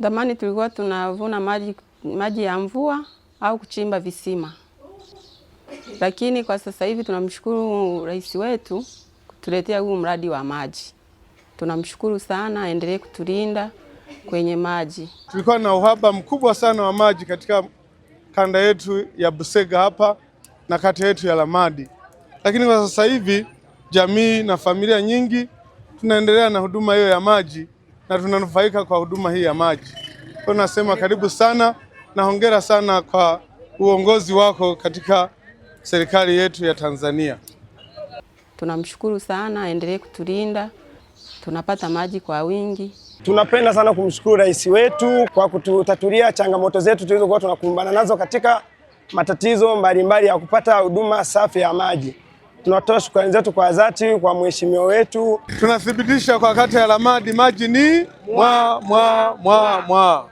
Zamani tulikuwa tunavuna maji, maji ya mvua au kuchimba visima, lakini kwa sasa hivi tunamshukuru rais wetu kutuletea huu mradi wa maji. Tunamshukuru sana, aendelee kutulinda kwenye maji. Tulikuwa na uhaba mkubwa sana wa maji katika kanda yetu ya Busega hapa na kata yetu ya Lamadi, lakini kwa sasa hivi jamii na familia nyingi tunaendelea na huduma hiyo ya maji na tunanufaika kwa huduma hii ya maji. Kwa nasema karibu sana na hongera sana kwa uongozi wako katika serikali yetu ya Tanzania. Tunamshukuru sana, aendelee kutulinda, tunapata maji kwa wingi. Tunapenda sana kumshukuru rais wetu kwa kututatulia changamoto zetu tulizokuwa tunakumbana nazo katika matatizo mbalimbali mbali ya kupata huduma safi ya maji tunatoa shukrani zetu kwa dhati kwa mheshimiwa wetu. Tunathibitisha kwa kata ya Lamadi maji ni mwa mwa mwa mwa